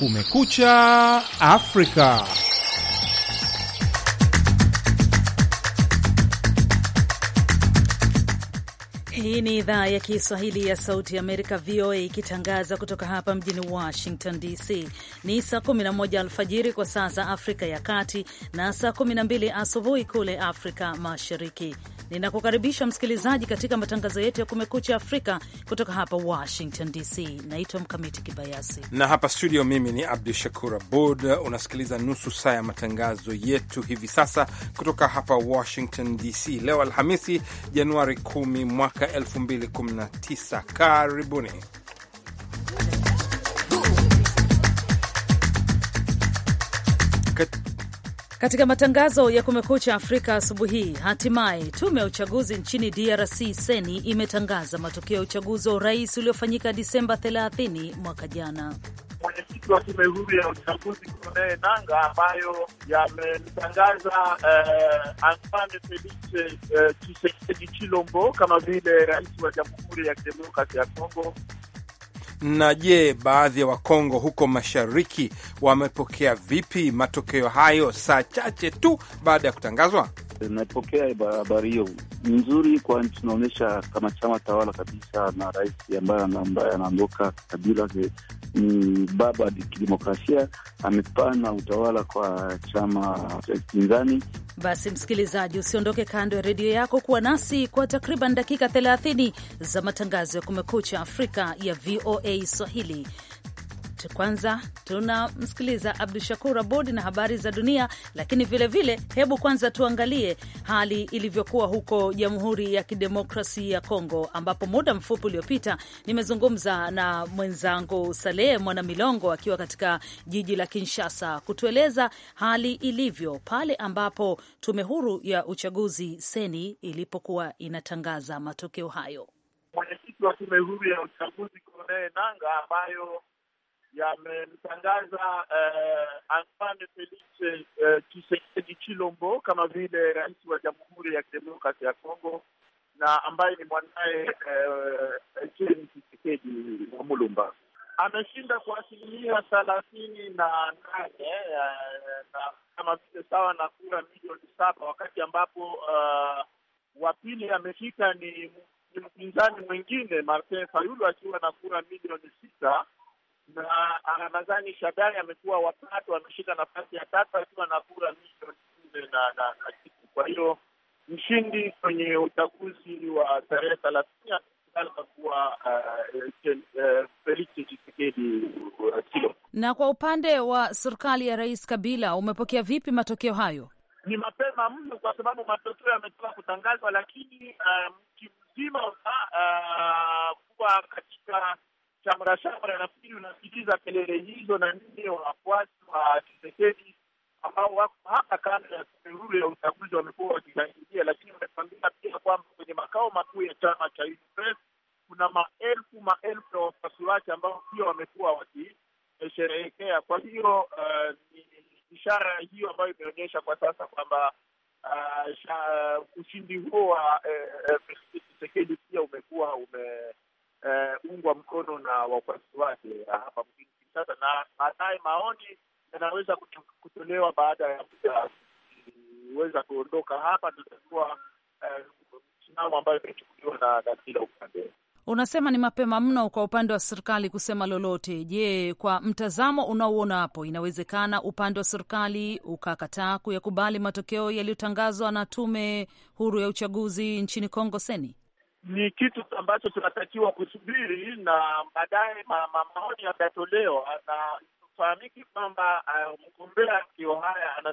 Kumekucha Afrika. Hii ni idhaa ya Kiswahili ya Sauti ya Amerika, VOA, ikitangaza kutoka hapa mjini Washington DC. Ni saa 11 alfajiri kwa saa za Afrika ya Kati na saa 12 asubuhi kule Afrika Mashariki. Ninakukaribisha msikilizaji katika matangazo yetu ya Kumekucha Afrika kutoka hapa Washington DC. Naitwa Mkamiti Kibayasi na hapa studio mimi ni Abdu Shakur Abud. Unasikiliza nusu saa ya matangazo yetu hivi sasa kutoka hapa Washington DC, leo Alhamisi Januari 10 mwaka 2019. Karibuni. Katika matangazo ya Kumekucha Afrika asubuhi hii, hatimaye tume ya uchaguzi nchini DRC seni imetangaza matokeo ya uchaguzi wa urais uliofanyika Disemba 30 mwaka jana. Mwenyekiti wa tume huru ya uchaguzi Corneille nanga ambayo yametangaza eh, Antoine Felix eh, Chilombo kama vile rais wa Jamhuri ya Kidemokrasi ya Kongo na je, baadhi ya wa Wakongo huko mashariki wamepokea vipi matokeo hayo saa chache tu baada ya kutangazwa? Naipokea habari hiyo nzuri, kwani tunaonyesha kama chama tawala kabisa na rais ambaye anaondoka Kabila ni baba ya kidemokrasia, amepana utawala kwa chama cha pinzani. Basi msikilizaji, usiondoke kando ya redio yako, kuwa nasi kwa takriban dakika 30 za matangazo ya Kumekucha Afrika ya VOA Swahili. Kwanza tunamsikiliza Abdu Shakur Abud na habari za dunia, lakini vilevile vile, hebu kwanza tuangalie hali ilivyokuwa huko Jamhuri ya kidemokrasi ya Kongo, ambapo muda mfupi uliopita nimezungumza na mwenzangu Saleh Mwanamilongo akiwa katika jiji la Kinshasa kutueleza hali ilivyo pale ambapo tume huru ya uchaguzi seni ilipokuwa inatangaza matokeo hayo. Mwenyekiti wa tume huru ya uchaguzi Corneille Nanga, ambayo yamemtangaza eh, Antoine Felix eh, Chilombo kama vile rais wa Jamhuri ya Kidemokrasia ya Kongo na ambaye ni mwanaye eh, chisekedi Tshisekedi wa Mulumba ameshinda kwa asilimia thelathini na nane eh, na kama vile sawa na kura milioni saba wakati ambapo uh, wa pili amefika ni, ni mpinzani mwingine Martin Fayulu akiwa na kura milioni sita na Ramadhani ah, Shadari amekuwa watatu, ameshika nafasi ya tatu akiwa na kura milioni nne na na kitu. Kwa hiyo mshindi kwenye uchaguzi wa tarehe thelathini atakuwa ah, eh, Felix Chisekedi Tshilombo. Uh, na kwa upande wa serikali ya Rais Kabila, umepokea vipi matokeo hayo? Ni mapema mno kwa sababu matokeo yametoka kutangazwa, lakini uh, ah, mji mzima uh, kuwa katika shamra shamra. Nafikiri unasikiliza kelele hizo na nini, wafuasi wa Tshisekedi ambao wako hata kando ya tume ya uchaguzi wamekuwa wakishangilia, lakini wametuambia pia kwamba kwenye makao makuu ya chama cha UDPS kuna maelfu maelfu ya wafuasi wake ambao pia wamekuwa wakisherehekea. Kwa hiyo uh, ni ishara hiyo ambayo imeonyesha kwa sasa kwamba uh, ushindi huo wa Tshisekedi eh, eh, pia umekuwa ume uh, eh, ungwa mkono na wafuasi wake ah, hapa mjini Kinshasa, na baadaye maoni yanaweza kutolewa baada ya kuweza kuondoka hapa, tutakuwa msimamo eh, ambayo imechukuliwa na, na kila upande. Unasema ni mapema mno kwa upande wa serikali kusema lolote. Je, kwa mtazamo unaoona hapo, inawezekana upande wa serikali ukakataa kuyakubali matokeo yaliyotangazwa na tume huru ya uchaguzi nchini Kongo seni? ni kitu ambacho tunatakiwa kusubiri na baadaye ma, ma, maoni yatatolewa na fahamiki kwamba uh, mgombea kio haya ana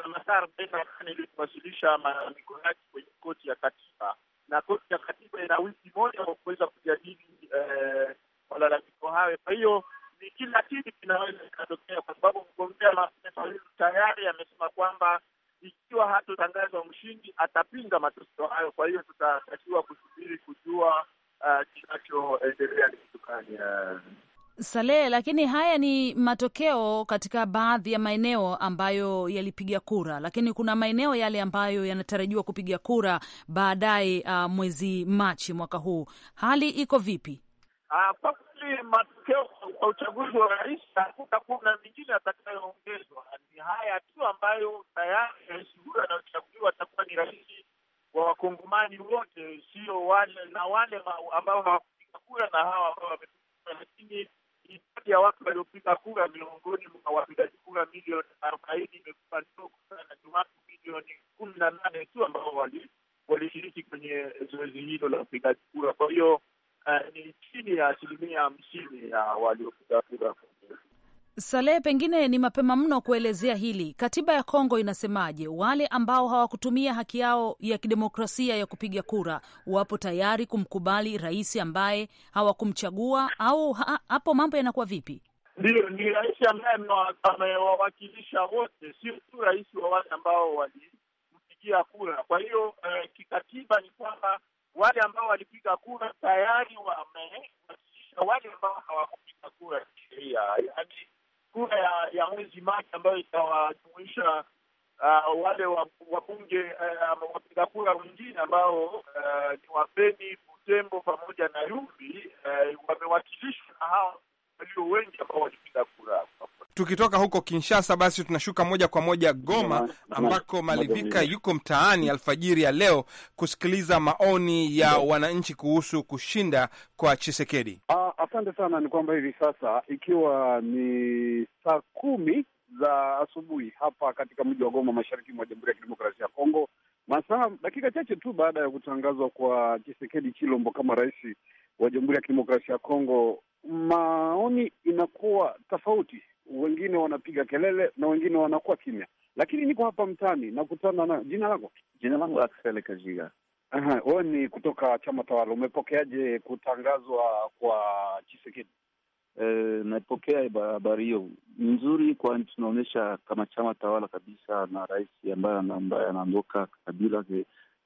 uh, masaa arobaini na nane ili kuwasilisha malalamiko yake kwenye koti ya katiba, na koti ya katiba ina wiki moja wa kuweza kujadili uh, malalamiko hayo. Kwa hiyo ni kila kitu kinaweza kikatokea, kwa sababu mgombea tayari amesema kwamba ikiwa hatotangazwa mshindi atapinga matokeo hayo. Kwa hiyo tutatakiwa kusubiri kujua uh, kinachoendelea uh, ni kitu gani uh. lakini haya ni matokeo katika baadhi ya maeneo ambayo yalipiga kura, lakini kuna maeneo yale ambayo yanatarajiwa kupiga kura baadaye uh, mwezi Machi mwaka huu. Hali iko vipi? Uh, kwa kweli matokeo kwa uchaguzi wa rais hakutakuwa na mingine atakayoongezwa. Ni haya tu ambayo tayari rais huyo anaochaguliwa atakuwa ni rais wa wakongomani wote, sio wale na wale ambao hawakupiga kura na hawa ambao wamepiga kura. Lakini idadi ya watu waliopiga kura miongoni mwa wapigaji kura milioni arobaini imekuwa ndogo sana. Ni watu milioni kumi na nane tu ambao walishiriki kwenye zoezi hilo la upigaji kura, kwa hiyo Eh, ni chini ya asilimia hamsini ya waliopiga kura. Salehe, pengine ni mapema mno kuelezea hili. Katiba ya Kongo inasemaje? Wale ambao hawakutumia haki yao ya kidemokrasia ya kupiga kura wapo tayari kumkubali rais ambaye hawakumchagua au ha hapo mambo yanakuwa vipi? Ndiyo, ni rais ambaye amewawakilisha wote, sio tu rais wa wale ambao walimpigia kura. Kwa hiyo eh, kikatiba ni kwamba wale ambao walipiga kura tayari wamewakilisha wale ambao hawakupiga kura kisheria, yaani kura ya, ya mwezi Machi ambayo itawajumuisha uh, wale wabunge uh, wapiga kura wengine ambao uh, ni Wapeni, Butembo pamoja na Yumbi uh, wamewakilishwa na hao walio wengi ambao walipiga kura. Tukitoka huko Kinshasa, basi tunashuka moja kwa moja Goma, ambako Malivika yuko mtaani alfajiri ya leo kusikiliza maoni ya wananchi kuhusu kushinda kwa Chisekedi. Ah, asante sana. Ni kwamba hivi sasa ikiwa ni saa kumi za asubuhi hapa katika mji wa Goma, mashariki mwa Jamhuri ya Kidemokrasia ya Kongo, masaa dakika chache tu baada ya kutangazwa kwa Chisekedi Chilombo kama rais wa Jamhuri ya Kidemokrasia ya Kongo maoni inakuwa tofauti, wengine wanapiga kelele na wengine wanakuwa kimya, lakini niko hapa mtaani nakutana na. Jina lako? Jina langu Axel Kajiga. Wewe ni kutoka chama tawala, umepokeaje kutangazwa kwa Chisekedi? E, naipokea habari hiyo nzuri, kwani tunaonyesha kama chama tawala kabisa na rais ambaye anaondoka Kabila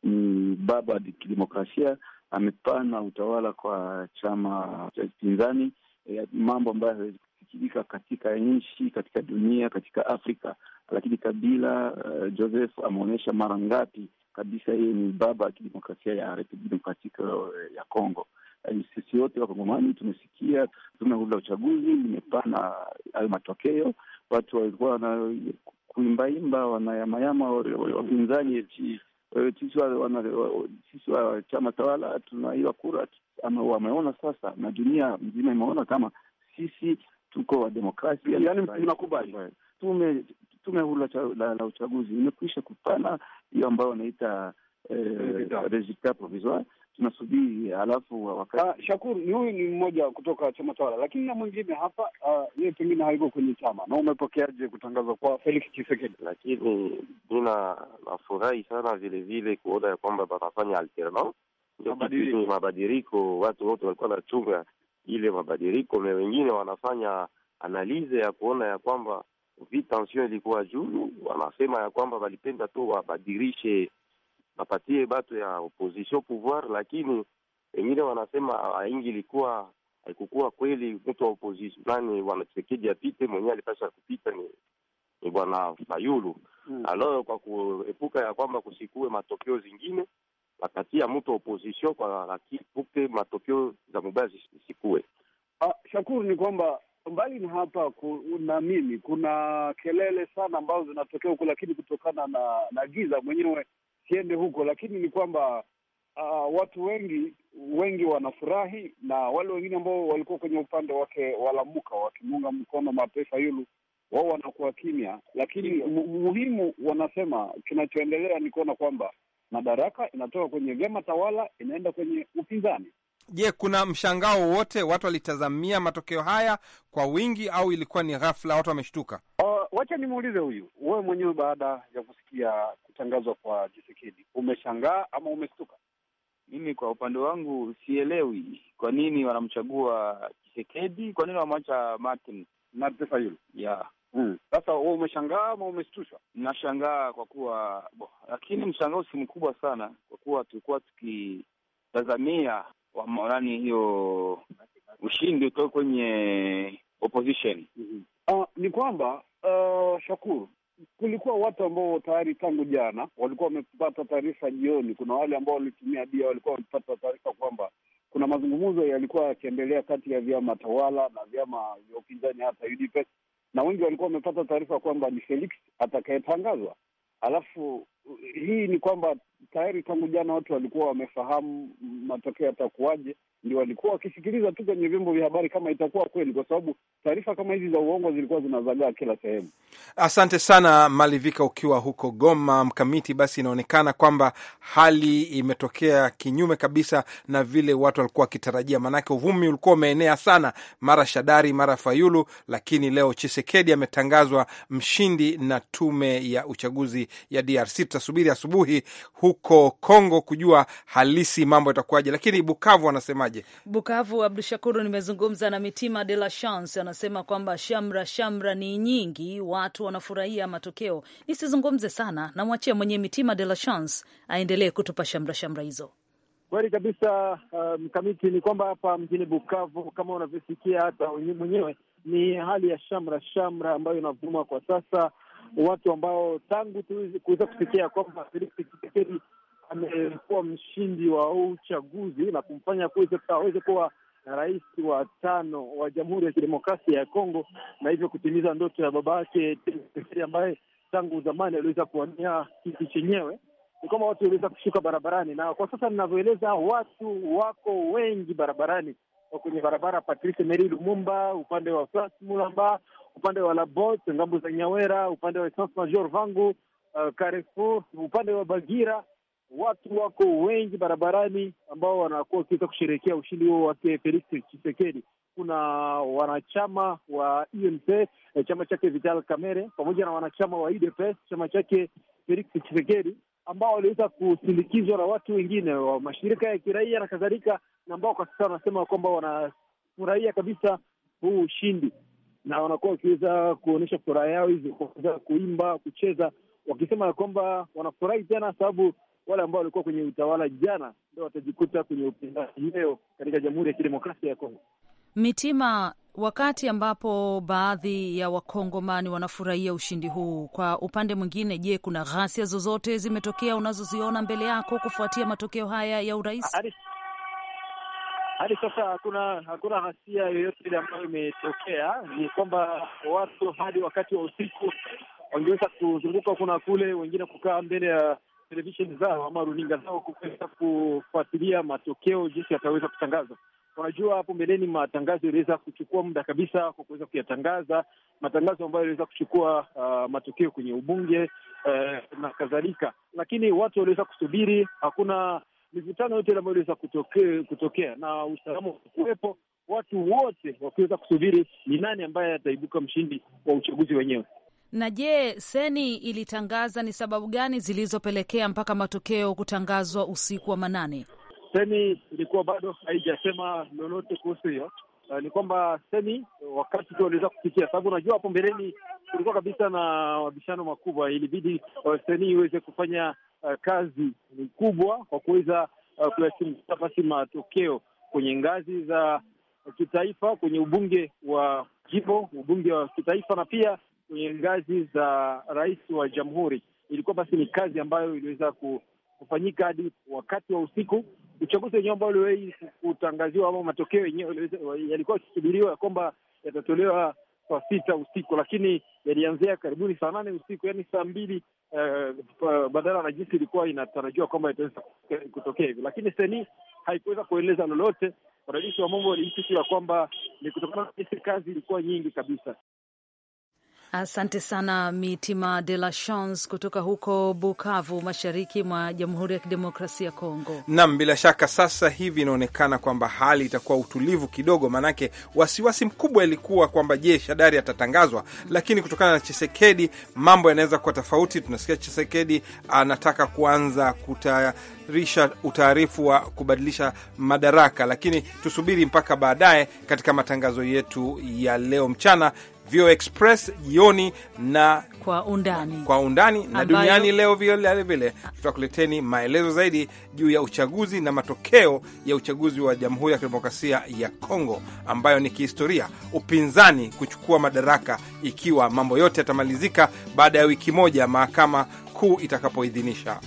ni baba wa kidemokrasia amepana utawala kwa chama cha pinzani eh, mambo ambayo hawezi katika nchi, katika dunia, katika Afrika. Lakini Kabila uh, Joseph ameonyesha mara ngapi kabisa yeye ni baba ya kidemokrasia ya Republiki e, ya Kongo. E, sisi wote Wakongomani tumesikia tume huru la uchaguzi limepana hayo matokeo. Watu walikuwa wanakuimbaimba wanayamayama wapinzani sisi wa chama tawala tunaiwa kura ama wameona sasa, na dunia mzima imeona kama sisi tuko wa demokrasia, yani yaani tunakubali tume tume huru la, la uchaguzi imekwisha kupana hiyo ambayo wanaita eh, resultat provisoire tunasubiri wakati. Ah, Shakuru ni huyu ni mmoja kutoka chama tawala, lakini na mwingine hapa ah, yeye pengine haiko kwenye chama. Na umepokeaje kutangazwa kwa Felix Chisekedi? Lakini mina nafurahi sana vilevile kuona ya kwamba wanafanya alternance, mabadiriko Watu wote walikuwa wanachunga ile mabadiriko na wengine wanafanya analize ya kuona ya kwamba vi ilikuwa juu, wanasema ya kwamba walipenda tu wabadirishe bapatie batu ya opposition pouvoir, lakini wengine wanasema aingi ah, ilikuwa haikukuwa kweli. Mtu wa opposition nani ya apite mwenyewe alipasha kupita ni ni bwana Fayulu hmm. Alo, kwa kuepuka ya kwamba kusikue matokeo zingine, wakatia mtu wa opposition kwa akipuke matokeo za mubaya zisikue. Ah, shakuru ni kwamba mbali na hapa na mimi kuna kelele sana ambazo zinatokea huko, lakini kutokana na na giza mwenyewe siende huko, lakini ni kwamba uh, watu wengi wengi wanafurahi na wale wengine ambao walikuwa kwenye upande wake walamuka wakimuunga mkono mataifa yulu wao wanakuwa kimya, lakini muhimu wanasema kinachoendelea ni kuona kwamba madaraka inatoka kwenye vyama tawala inaenda kwenye upinzani. Je, kuna mshangao wowote? Watu walitazamia matokeo haya kwa wingi au ilikuwa ni ghafla, watu wameshtuka? Uh, wacha nimuulize huyu. Wewe mwenyewe baada ya kusikia kutangazwa kwa Tshisekedi umeshangaa ama umeshtuka? Mimi kwa upande wangu sielewi kwa nini wanamchagua Tshisekedi, kwa nini wamwacha Martin Martin Fayulu yeah. Hmm. Sasa mm, wewe umeshangaa ama umeshtushwa? Nashangaa kwa kuwa bo, lakini mshangao si mkubwa sana kwa kuwa tulikuwa tukitazamia nani hiyo ushindi utoke kwenye opposition. Mm -hmm. uh, ni kwamba uh, Shakuru, kulikuwa watu ambao tayari tangu jana walikuwa wamepata taarifa jioni. Kuna wale ambao walitumia bia, walikuwa wamepata taarifa kwamba kuna mazungumzo yalikuwa yakiendelea kati ya vyama tawala na vyama vya upinzani hata udp e na wengi walikuwa wamepata taarifa kwamba ni Felix atakayetangazwa alafu hii ni kwamba tayari tangu jana watu walikuwa wamefahamu matokeo yatakuwaje, ndio walikuwa wakisikiliza tu kwenye vyombo vya habari kama itakuwa kweli, kwa sababu taarifa kama hizi za uongo zilikuwa zinazagaa kila sehemu. Asante sana Malivika, ukiwa huko Goma mkamiti. Basi inaonekana kwamba hali imetokea kinyume kabisa na vile watu walikuwa wakitarajia, maanake uvumi ulikuwa umeenea sana, mara Shadari, mara Fayulu, lakini leo Chisekedi ametangazwa mshindi na tume ya uchaguzi ya DRC. Tutasubiri asubuhi huko Kongo kujua halisi mambo yatakuwaje, lakini Bukavu wanasemaje? Bukavu, Bukavu Abdu Shakuru, nimezungumza na Mitima de la Chance, anasema kwamba shamra shamra ni nyingi, watu wanafurahia matokeo. Nisizungumze sana, namwachia mwenyewe Mitima de la Chance aendelee kutupa shamra shamra hizo. Kweli kabisa uh, mkamiti, um, ni kwamba hapa mjini Bukavu kama unavyosikia hata mwenyewe ni hali ya shamra shamra ambayo inavuma kwa sasa, watu ambao tangu tuweze kuweza kusikia kwamba Felix Tshisekedi amekuwa mshindi wa uchaguzi na kumfanya aweze kuwa rais wa tano wa Jamhuri ya Kidemokrasia ya Kongo, na hivyo kutimiza ndoto ya baba yake ambaye tangu zamani aliweza kuwania kiti chenyewe. Ni kwamba watu waliweza kushuka barabarani, na kwa sasa ninavyoeleza, watu wako wengi barabarani, kwenye barabara Patrice meri Lumumba, upande wa Fras Mulamba, upande wa Labot, ngambo za Nyawera, upande wa Essence Major Vangu, uh, Carrefour, upande wa Bagira watu wako wengi barabarani ambao wanakuwa wakiweza kusherehekea ushindi huo wake Felix chisekedi Kuna wanachama wa UNC eh, chama chake Vital kamere pamoja na wanachama wa UDPS chama chake Felix chisekedi ambao waliweza kusindikizwa na watu wengine wa mashirika ya kiraia na kadhalika, na ambao kwa sasa wanasema kwamba wanafurahia kabisa huu ushindi na wanakuwa wakiweza kuonyesha furaha yao hizo, kuimba, kucheza, wakisema ya kwamba wanafurahi tena sababu wale ambao walikuwa kwenye utawala jana ndio watajikuta kwenye upinzani leo katika Jamhuri ya Kidemokrasia ya Kongo. Mitima, wakati ambapo baadhi ya Wakongomani wanafurahia ushindi huu, kwa upande mwingine, je, kuna ghasia zozote zimetokea unazoziona mbele yako kufuatia matokeo haya ya urais? Hadi sasa hakuna hakuna ghasia yoyote ile ambayo imetokea. Ni kwamba watu hadi wakati wa usiku wangeweza kuzunguka kuna kule, wengine kukaa mbele ya televisheni zao ama runinga zao kuweza kufuatilia matokeo jinsi yataweza kutangazwa. Unajua, hapo mbeleni matangazo yaliweza kuchukua muda kabisa kwa kuweza kuyatangaza, matangazo ambayo yaliweza kuchukua uh, matokeo kwenye ubunge uh, na kadhalika, lakini watu waliweza kusubiri. Hakuna mivutano yote ambayo iliweza kutoke, kutokea na usalama kuwepo, watu wote wakiweza kusubiri ni nani ambaye ataibuka mshindi wa uchaguzi wenyewe. Na je, Seni ilitangaza ni sababu gani zilizopelekea mpaka matokeo kutangazwa usiku wa manane? Seni ilikuwa bado haijasema lolote kuhusu hiyo. Uh, ni kwamba Seni wakati tu waliweza kufikia, sababu unajua hapo mbeleni kulikuwa kabisa na mabishano makubwa, ilibidi uh, Seni iweze kufanya uh, kazi kubwa kwa kuweza uh, kuyasimulia basi matokeo kwenye ngazi za kitaifa, kwenye ubunge wa jimbo, ubunge wa kitaifa na pia kwenye ngazi za rais wa jamhuri. Ilikuwa basi ni kazi ambayo iliweza kufanyika hadi wakati wa usiku. Uchaguzi wenyewe ambao uliwahi kutangaziwa ama matokeo yenyewe yalikuwa yakisubiriwa kwamba yatatolewa saa sita usiku, lakini yalianzia karibuni saa nane usiku, yaani saa mbili uh, badala na jinsi ilikuwa inatarajiwa kwamba itaweza kutokea hivyo, lakini seni haikuweza kueleza lolote. Rais wa mambo walihisi tu ya kwamba ni kutokana na jinsi kazi ilikuwa nyingi kabisa. Asante sana Mitima de la Chance kutoka huko Bukavu, mashariki mwa Jamhuri ya Kidemokrasia ya Kongo. Naam, bila shaka sasa hivi inaonekana kwamba hali itakuwa utulivu kidogo, maanake wasiwasi mkubwa ilikuwa kwamba je, Shadari atatangazwa, lakini kutokana na Chisekedi mambo yanaweza kuwa tofauti. Tunasikia Chisekedi anataka kuanza kutayarisha utaarifu wa kubadilisha madaraka, lakini tusubiri mpaka baadaye katika matangazo yetu ya leo mchana Vio Express jioni na kwa undani, kwa undani na duniani leo. Vile vile tutakuleteni maelezo zaidi juu ya uchaguzi na matokeo ya uchaguzi wa Jamhuri ya Kidemokrasia ya Kongo, ambayo ni kihistoria, upinzani kuchukua madaraka. Ikiwa mambo yote yatamalizika baada ya wiki moja, mahakama kuu itakapoidhinisha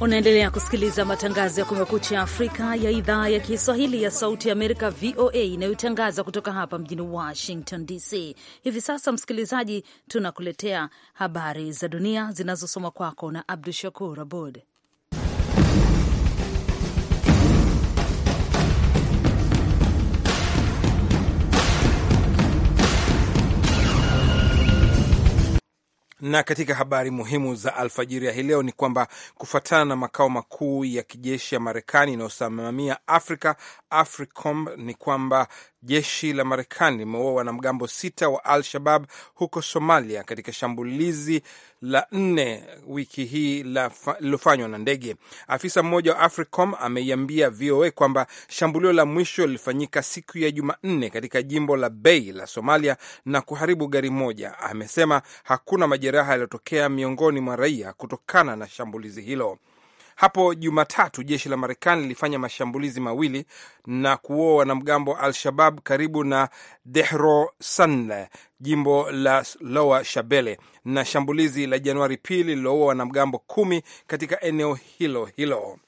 Unaendelea kusikiliza matangazo ya Kumekucha Afrika ya idhaa ya Kiswahili ya Sauti ya Amerika, VOA, inayotangaza kutoka hapa mjini Washington DC. Hivi sasa, msikilizaji, tunakuletea habari za dunia zinazosoma kwako na Abdu Shakur Abud. Na katika habari muhimu za alfajiri ya hii leo ni kwamba kufuatana na makao makuu ya kijeshi ya Marekani inayosimamia Afrika, AFRICOM, ni kwamba jeshi la Marekani limeua wanamgambo sita wa Al Shabab huko Somalia katika shambulizi la nne wiki hii lililofanywa na ndege. Afisa mmoja wa AFRICOM ameiambia VOA kwamba shambulio la mwisho lilifanyika siku ya Jumanne katika jimbo la Bay la Somalia na kuharibu gari moja. Amesema hakuna majeraha yaliyotokea miongoni mwa raia kutokana na shambulizi hilo. Hapo Jumatatu jeshi la Marekani lilifanya mashambulizi mawili na kuua wanamgambo wa Al-Shabab karibu na Dehro Sanle, jimbo la Lower Shabelle, na shambulizi la Januari pili lililoua wanamgambo kumi katika eneo hilo hilo.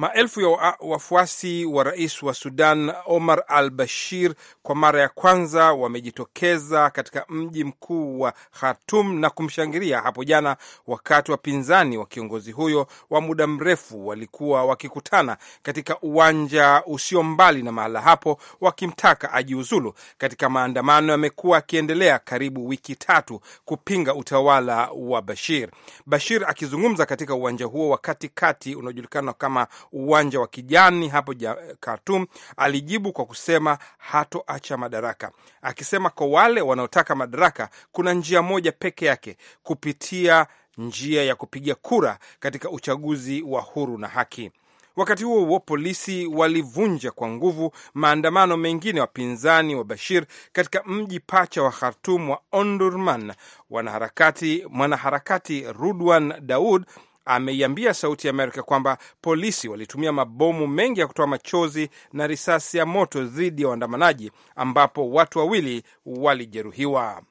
Maelfu ya wafuasi wa rais wa Sudan Omar al Bashir kwa mara ya kwanza wamejitokeza katika mji mkuu wa Khartum na kumshangilia hapo jana, wakati wapinzani wa kiongozi huyo wa muda mrefu walikuwa wakikutana katika uwanja usio mbali na mahala hapo, wakimtaka ajiuzulu, katika maandamano yamekuwa akiendelea karibu wiki tatu kupinga utawala wa Bashir. Bashir akizungumza katika uwanja huo wa katikati unaojulikana kama uwanja wa kijani hapo Khartoum, alijibu kwa kusema hatoacha madaraka, akisema kwa wale wanaotaka madaraka kuna njia moja peke yake, kupitia njia ya kupiga kura katika uchaguzi wa huru na haki. Wakati huo huo, polisi walivunja kwa nguvu maandamano mengine wapinzani wa Bashir katika mji pacha wa Khartum wa Ondurman. Wanaharakati mwanaharakati Rudwan Daud ameiambia Sauti ya Amerika kwamba polisi walitumia mabomu mengi ya kutoa machozi na risasi ya moto dhidi ya waandamanaji ambapo watu wawili walijeruhiwa.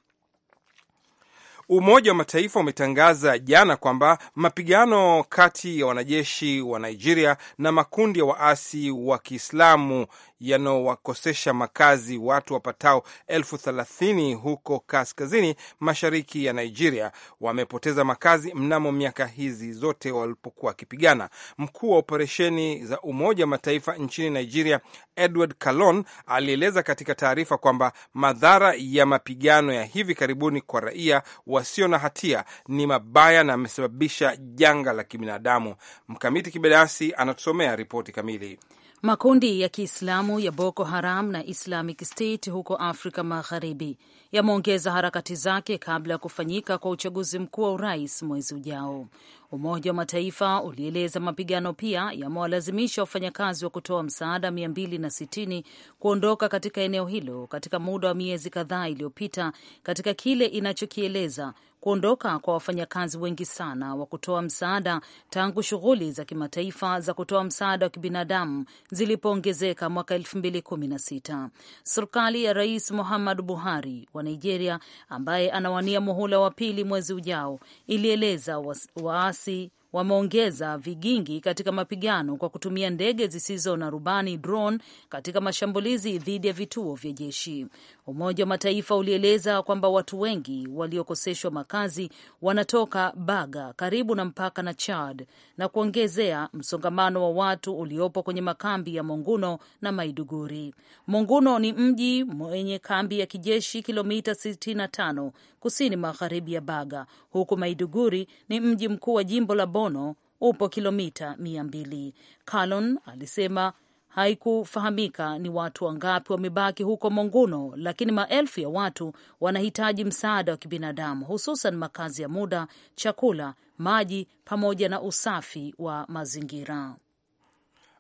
Umoja wa Mataifa umetangaza jana kwamba mapigano kati ya wanajeshi wa Nigeria na makundi ya waasi wa Kiislamu yanaowakosesha makazi watu wapatao elfu thelathini huko kaskazini mashariki ya Nigeria wamepoteza makazi mnamo miaka hizi zote walipokuwa wakipigana. Mkuu wa operesheni za Umoja wa Mataifa nchini Nigeria Edward Calon alieleza katika taarifa kwamba madhara ya mapigano ya hivi karibuni kwa raia wasio na hatia ni mabaya na amesababisha janga la kibinadamu. Mkamiti Kibayasi anatusomea ripoti kamili. Makundi ya Kiislamu ya Boko Haram na Islamic State huko Afrika Magharibi yameongeza harakati zake kabla ya kufanyika kwa uchaguzi mkuu wa urais mwezi ujao. Umoja wa Mataifa ulieleza mapigano pia yamewalazimisha wafanyakazi wa kutoa msaada 260 kuondoka katika eneo hilo katika muda wa miezi kadhaa iliyopita, katika kile inachokieleza kuondoka kwa wafanyakazi wengi sana wa kutoa msaada tangu shughuli za kimataifa za kutoa msaada wa kibinadamu zilipoongezeka mwaka 2016. Serikali ya Rais Muhammadu Buhari wa Nigeria, ambaye anawania muhula wa pili mwezi ujao, ilieleza waasi wameongeza vigingi katika mapigano kwa kutumia ndege zisizo na rubani drone, katika mashambulizi dhidi ya vituo vya jeshi. Umoja wa Mataifa ulieleza kwamba watu wengi waliokoseshwa makazi wanatoka Baga karibu na mpaka na Chad na kuongezea msongamano wa watu uliopo kwenye makambi ya Monguno na Maiduguri. Monguno ni mji mwenye kambi ya kijeshi kilomita 65 kusini magharibi ya Baga, huku Maiduguri ni mji mkuu wa jimbo la Bono upo kilomita mia mbili. Calon alisema haikufahamika ni watu wangapi wamebaki huko Monguno, lakini maelfu ya watu wanahitaji msaada wa kibinadamu, hususan makazi ya muda, chakula, maji pamoja na usafi wa mazingira.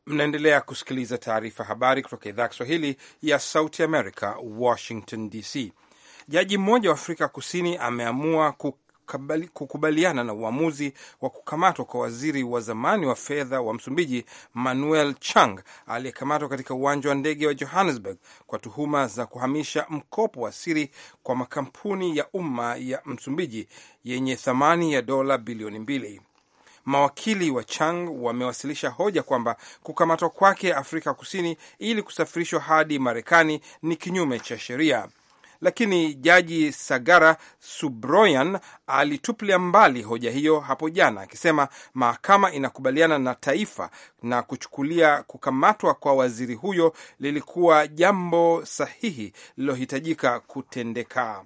Mnaendelea kusikiliza taarifa habari kutoka idhaa ya Kiswahili ya Sauti America, Washington DC. Jaji mmoja wa Afrika Kusini ameamua kukubaliana na uamuzi wa kukamatwa kwa waziri wa zamani wa fedha wa Msumbiji Manuel Chang aliyekamatwa katika uwanja wa ndege wa Johannesburg kwa tuhuma za kuhamisha mkopo wa siri kwa makampuni ya umma ya Msumbiji yenye thamani ya dola bilioni mbili. Mawakili wa Chang wamewasilisha hoja kwamba kukamatwa kwake Afrika Kusini ili kusafirishwa hadi Marekani ni kinyume cha sheria lakini jaji Sagara Subroyan alitupilia mbali hoja hiyo hapo jana, akisema mahakama inakubaliana na taifa na kuchukulia kukamatwa kwa waziri huyo lilikuwa jambo sahihi lililohitajika kutendeka.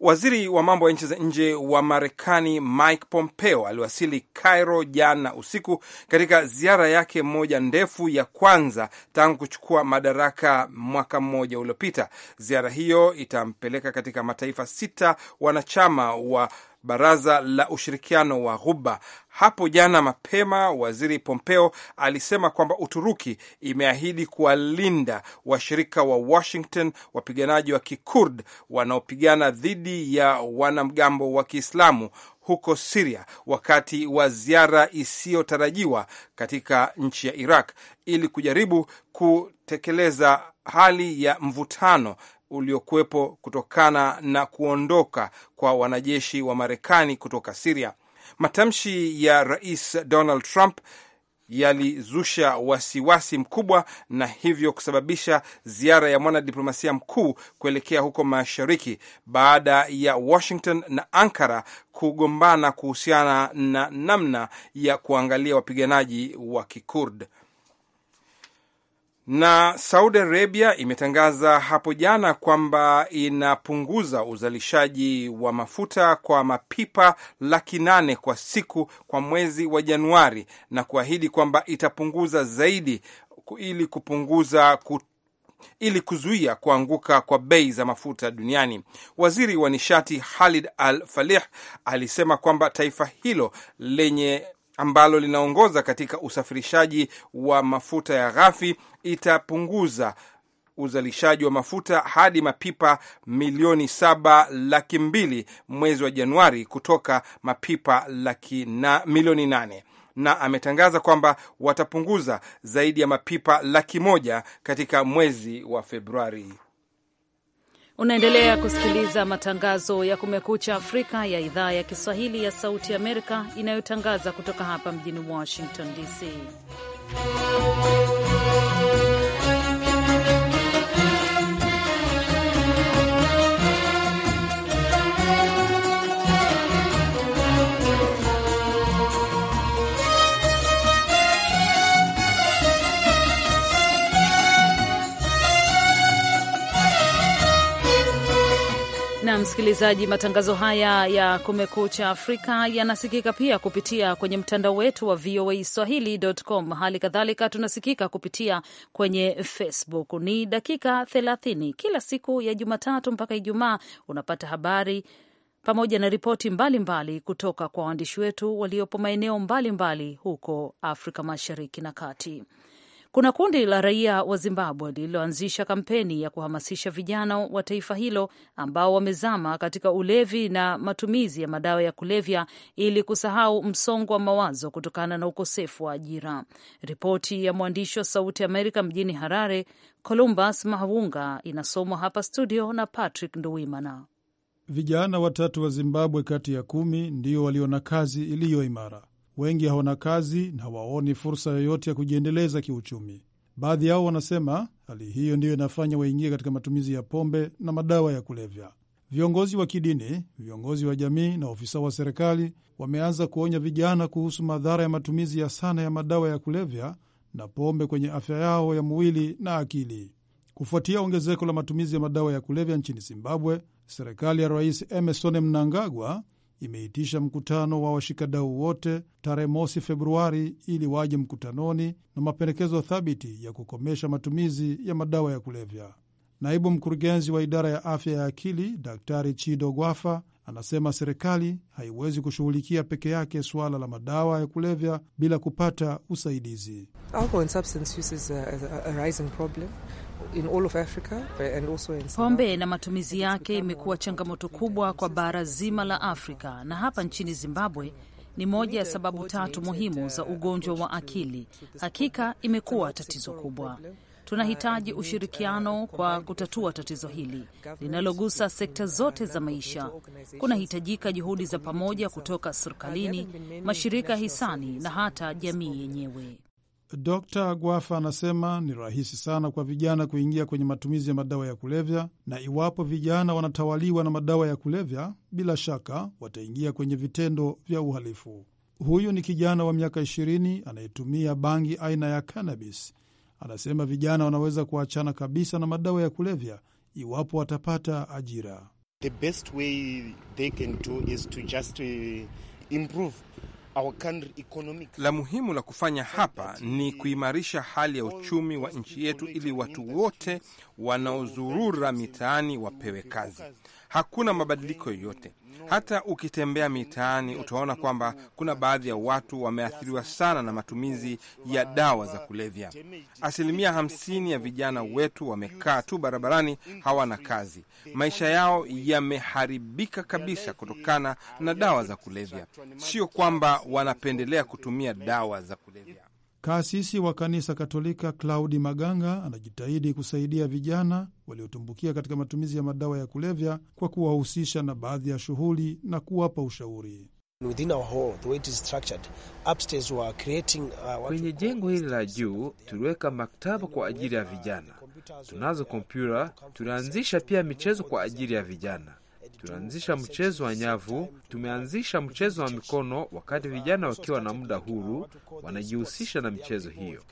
Waziri wa mambo ya nchi za nje wa Marekani Mike Pompeo aliwasili Cairo jana usiku katika ziara yake moja ndefu ya kwanza tangu kuchukua madaraka mwaka mmoja uliopita. Ziara hiyo itampeleka katika mataifa sita wanachama wa baraza la ushirikiano wa Ghuba. Hapo jana mapema, waziri Pompeo alisema kwamba Uturuki imeahidi kuwalinda washirika wa Washington, wapiganaji wa Kikurd wanaopigana dhidi ya wanamgambo wa Kiislamu huko Siria wakati wa ziara isiyotarajiwa katika nchi ya Iraq ili kujaribu kutekeleza hali ya mvutano uliokuwepo kutokana na kuondoka kwa wanajeshi wa Marekani kutoka Siria. Matamshi ya Rais Donald Trump yalizusha wasiwasi mkubwa na hivyo kusababisha ziara ya mwanadiplomasia mkuu kuelekea huko mashariki baada ya Washington na Ankara kugombana kuhusiana na namna ya kuangalia wapiganaji wa Kikurd. Na Saudi Arabia imetangaza hapo jana kwamba inapunguza uzalishaji wa mafuta kwa mapipa laki nane kwa siku kwa mwezi wa Januari na kuahidi kwamba itapunguza zaidi ili kupunguza ku ili kuzuia kuanguka kwa bei za mafuta duniani. Waziri wa nishati Khalid Al Falih alisema kwamba taifa hilo lenye ambalo linaongoza katika usafirishaji wa mafuta ya ghafi itapunguza uzalishaji wa mafuta hadi mapipa milioni saba laki mbili mwezi wa Januari kutoka mapipa laki na milioni nane na ametangaza kwamba watapunguza zaidi ya mapipa laki moja katika mwezi wa Februari. Unaendelea kusikiliza matangazo ya Kumekucha Afrika ya idhaa ya Kiswahili ya Sauti Amerika inayotangaza kutoka hapa mjini Washington DC. Na msikilizaji, matangazo haya ya Kumekucha Afrika yanasikika pia kupitia kwenye mtandao wetu wa VOA Swahili.com. Hali kadhalika tunasikika kupitia kwenye Facebook. Ni dakika 30 kila siku ya Jumatatu mpaka Ijumaa, unapata habari pamoja na ripoti mbalimbali kutoka kwa waandishi wetu waliopo maeneo mbalimbali huko Afrika Mashariki na Kati. Kuna kundi la raia wa Zimbabwe lililoanzisha kampeni ya kuhamasisha vijana wa taifa hilo ambao wamezama katika ulevi na matumizi ya madawa ya kulevya ili kusahau msongo wa mawazo kutokana na ukosefu wa ajira. Ripoti ya mwandishi wa Sauti Amerika mjini Harare, Columbus mahwunga inasomwa hapa studio na Patrick Nduwimana. Vijana watatu wa Zimbabwe kati ya kumi ndio walio na kazi iliyo imara wengi hawana kazi na waoni fursa yoyote ya kujiendeleza kiuchumi. Baadhi yao wanasema hali hiyo ndiyo inafanya waingie katika matumizi ya pombe na madawa ya kulevya. Viongozi wa kidini, viongozi wa jamii na ofisa wa serikali wameanza kuonya vijana kuhusu madhara ya matumizi ya sana ya madawa ya kulevya na pombe kwenye afya yao ya mwili na akili. Kufuatia ongezeko la matumizi ya madawa ya kulevya nchini Zimbabwe, serikali ya Rais Emerson Mnangagwa imeitisha mkutano wa washikadau wote tarehe mosi Februari ili waje mkutanoni na mapendekezo thabiti ya kukomesha matumizi ya madawa ya kulevya. Naibu mkurugenzi wa idara ya afya ya akili Daktari Chido Gwafa anasema serikali haiwezi kushughulikia peke yake suala la madawa ya kulevya bila kupata usaidizi. Pombe na matumizi yake imekuwa changamoto kubwa kwa bara zima la Afrika na hapa nchini Zimbabwe ni moja ya sababu tatu muhimu za ugonjwa wa akili. Hakika imekuwa tatizo kubwa. Tunahitaji ushirikiano kwa kutatua tatizo hili linalogusa sekta zote za maisha. Kunahitajika juhudi za pamoja kutoka serikalini, mashirika hisani na hata jamii yenyewe. Dr Gwafa anasema ni rahisi sana kwa vijana kuingia kwenye matumizi ya madawa ya kulevya, na iwapo vijana wanatawaliwa na madawa ya kulevya, bila shaka wataingia kwenye vitendo vya uhalifu. Huyu ni kijana wa miaka 20 anayetumia bangi aina ya cannabis. Anasema vijana wanaweza kuachana kabisa na madawa ya kulevya iwapo watapata ajira. The best way they can do is to just eh, improve la muhimu la kufanya hapa ni kuimarisha hali ya uchumi wa nchi yetu ili watu wote wanaozurura mitaani wapewe kazi. Hakuna mabadiliko yoyote. Hata ukitembea mitaani utaona kwamba kuna baadhi ya watu wameathiriwa sana na matumizi ya dawa za kulevya. Asilimia hamsini ya vijana wetu wamekaa tu barabarani, hawana kazi. Maisha yao yameharibika kabisa kutokana na dawa za kulevya. Sio kwamba wanapendelea kutumia dawa za kulevya. Kaasisi wa kanisa Katolika claudi Maganga anajitahidi kusaidia vijana waliotumbukia katika matumizi ya madawa ya kulevya kwa kuwahusisha na baadhi ya shughuli na kuwapa ushauri. Uh, Kwenye jengo hili la juu tuliweka maktaba kwa ajili ya uh, vijana, tunazo kompyuta, tunaanzisha pia michezo kwa ajili ya vijana tunaanzisha mchezo wa nyavu, tumeanzisha mchezo wa mikono, wakati vijana wakiwa na muda huru wanajihusisha na michezo hiyo.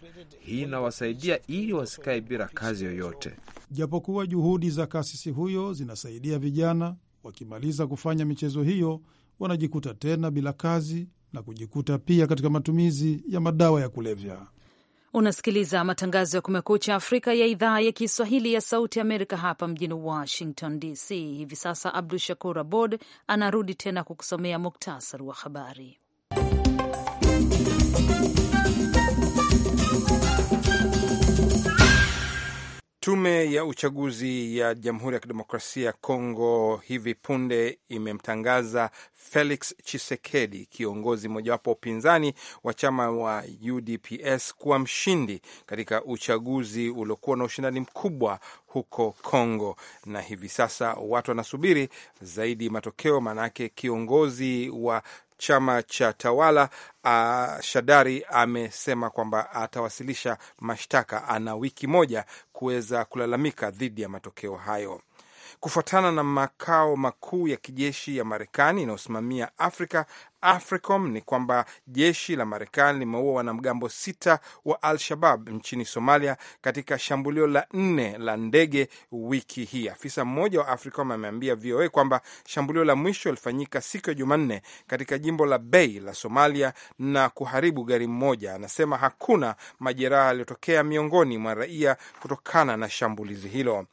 Hii inawasaidia ili wasikae bila kazi yoyote. Japokuwa juhudi za kasisi huyo zinasaidia vijana, wakimaliza kufanya michezo hiyo wanajikuta tena bila kazi na kujikuta pia katika matumizi ya madawa ya kulevya. Unasikiliza matangazo ya Kumekucha Afrika ya idhaa ya Kiswahili ya Sauti Amerika, hapa mjini Washington DC. Hivi sasa Abdu Shakur Abod anarudi tena kukusomea muktasari wa habari. Tume ya uchaguzi ya Jamhuri ya Kidemokrasia ya Kongo hivi punde imemtangaza Felix Chisekedi, kiongozi mojawapo wa upinzani wa chama wa UDPS, kuwa mshindi katika uchaguzi uliokuwa na ushindani mkubwa huko Kongo, na hivi sasa watu wanasubiri zaidi matokeo, maanake kiongozi wa chama cha tawala uh, Shadari amesema kwamba atawasilisha mashtaka, ana wiki moja kuweza kulalamika dhidi ya matokeo hayo kufuatana na makao makuu ya kijeshi ya Marekani inayosimamia Afrika, AFRICOM, ni kwamba jeshi la Marekani limeua wanamgambo sita wa Al-Shabab nchini Somalia katika shambulio la nne la ndege wiki hii. Afisa mmoja wa AFRICOM ameambia VOA kwamba shambulio la mwisho lilifanyika siku ya Jumanne katika jimbo la Bay la Somalia na kuharibu gari moja. Anasema hakuna majeraha yaliyotokea miongoni mwa raia kutokana na shambulizi hilo.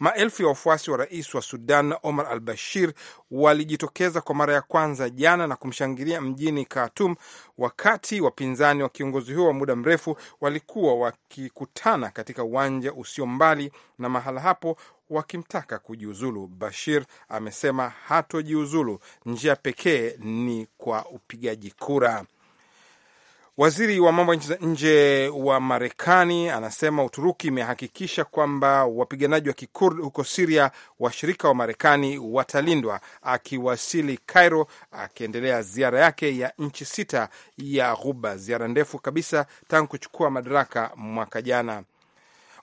Maelfu ya wafuasi wa rais wa Sudan Omar al Bashir walijitokeza kwa mara ya kwanza jana na kumshangilia mjini Khartoum, wakati wapinzani wa kiongozi huo wa muda mrefu walikuwa wakikutana katika uwanja usio mbali na mahala hapo wakimtaka kujiuzulu. Bashir amesema hatojiuzulu, njia pekee ni kwa upigaji kura. Waziri wa mambo ya nchi za nje wa Marekani anasema Uturuki imehakikisha kwamba wapiganaji wa kikurd huko Siria, washirika wa Marekani, watalindwa. Akiwasili Cairo, akiendelea ziara yake ya nchi sita ya Ghuba, ziara ndefu kabisa tangu kuchukua madaraka mwaka jana.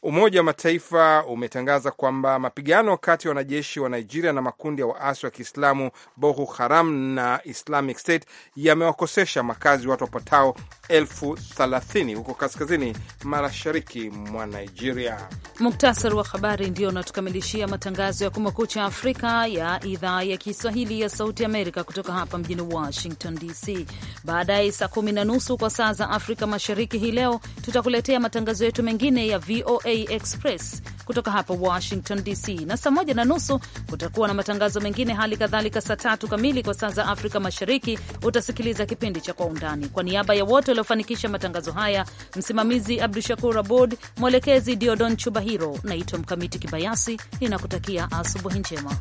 Umoja wa Mataifa umetangaza kwamba mapigano kati ya wanajeshi wa Nigeria na makundi ya waasi wa Kiislamu Boko Haram na Islamic State yamewakosesha makazi watu wapatao elfu huko kaskazini mashariki mwa Nigeria. Muktasari wa habari ndio unatukamilishia matangazo ya Kumekucha Afrika ya idhaa ya Kiswahili ya Sauti Amerika kutoka hapa mjini Washington DC. Baadaye saa kumi na nusu kwa saa za Afrika Mashariki hii leo tutakuletea matangazo yetu mengine ya VOA Express kutoka hapa Washington DC, na saa moja na nusu kutakuwa na matangazo mengine, hali kadhalika saa tatu kamili kwa saa za Afrika Mashariki utasikiliza kipindi cha Kwa Undani. Kwa niaba ya wote waliofanikisha matangazo haya, msimamizi Abdu Shakur Abud, mwelekezi Diodon Chubahiro, naitwa Mkamiti Kibayasi, ninakutakia asubuhi njema.